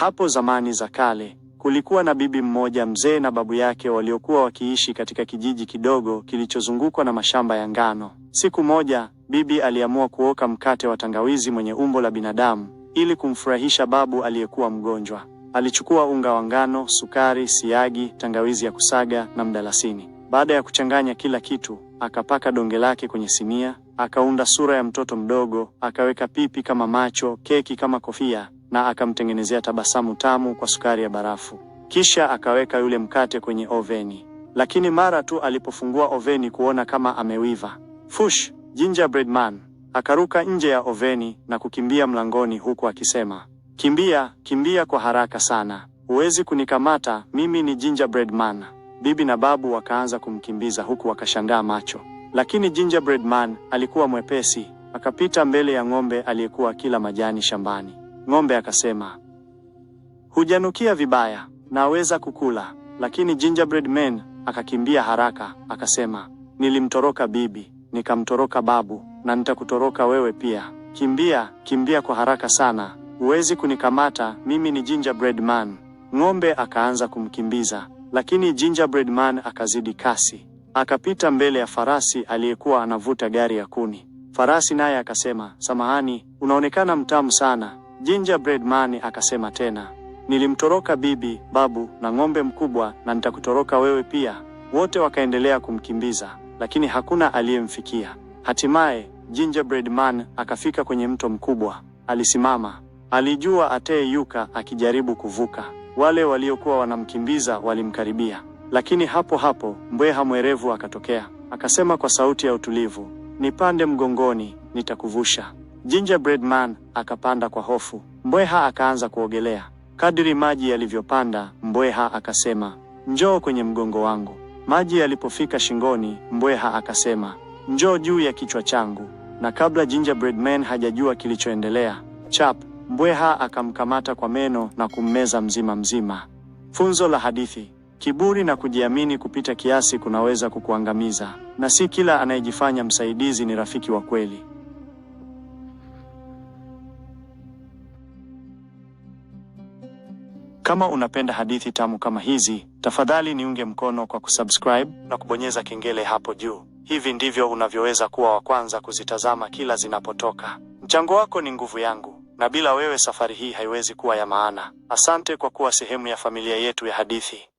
Hapo zamani za kale kulikuwa na bibi mmoja mzee na babu yake waliokuwa wakiishi katika kijiji kidogo kilichozungukwa na mashamba ya ngano. Siku moja, bibi aliamua kuoka mkate wa tangawizi mwenye umbo la binadamu ili kumfurahisha babu aliyekuwa mgonjwa. Alichukua unga wa ngano, sukari, siagi, tangawizi ya kusaga na mdalasini. Baada ya kuchanganya kila kitu, akapaka donge lake kwenye sinia, akaunda sura ya mtoto mdogo, akaweka pipi kama macho, keki kama kofia na akamtengenezea tabasamu tamu kwa sukari ya barafu. Kisha akaweka yule mkate kwenye oveni, lakini mara tu alipofungua oveni kuona kama amewiva, fush! Gingerbread Man akaruka nje ya oveni na kukimbia mlangoni, huku akisema, kimbia kimbia kwa haraka sana, huwezi kunikamata, mimi ni Gingerbread Man. Bibi na babu wakaanza kumkimbiza huku wakashangaa macho, lakini Gingerbread Man alikuwa mwepesi, akapita mbele ya ng'ombe aliyekuwa kila majani shambani. Ng'ombe akasema, hujanukia vibaya, naweza kukula. Lakini Gingerbread Man akakimbia haraka akasema, nilimtoroka bibi, nikamtoroka babu, na nitakutoroka wewe pia. Kimbia, kimbia kwa haraka sana, huwezi kunikamata, mimi ni Gingerbread Man. Ng'ombe akaanza kumkimbiza, lakini Gingerbread Man akazidi kasi, akapita mbele ya farasi aliyekuwa anavuta gari ya kuni. Farasi naye akasema, samahani, unaonekana mtamu sana Gingerbread Man akasema tena, nilimtoroka bibi, babu na ng'ombe mkubwa na nitakutoroka wewe pia. Wote wakaendelea kumkimbiza, lakini hakuna aliyemfikia. Hatimaye Gingerbread Man akafika kwenye mto mkubwa. Alisimama, alijua yuka akijaribu kuvuka. Wale waliokuwa wanamkimbiza walimkaribia, lakini hapo hapo mbweha mwerevu akatokea, akasema kwa sauti ya utulivu, nipande mgongoni, nitakuvusha. Gingerbread Man akapanda kwa hofu. Mbweha akaanza kuogelea. Kadiri maji yalivyopanda, mbweha akasema, njoo kwenye mgongo wangu. Maji yalipofika shingoni, mbweha akasema, njoo juu ya kichwa changu. Na kabla Gingerbread Man hajajua kilichoendelea, chap, mbweha akamkamata kwa meno na kummeza mzima mzima. Funzo la hadithi: kiburi na kujiamini kupita kiasi kunaweza kukuangamiza, na si kila anayejifanya msaidizi ni rafiki wa kweli. Kama unapenda hadithi tamu kama hizi, tafadhali niunge mkono kwa kusubscribe na kubonyeza kengele hapo juu. Hivi ndivyo unavyoweza kuwa wa kwanza kuzitazama kila zinapotoka. Mchango wako ni nguvu yangu, na bila wewe safari hii haiwezi kuwa ya maana. Asante kwa kuwa sehemu ya familia yetu ya hadithi.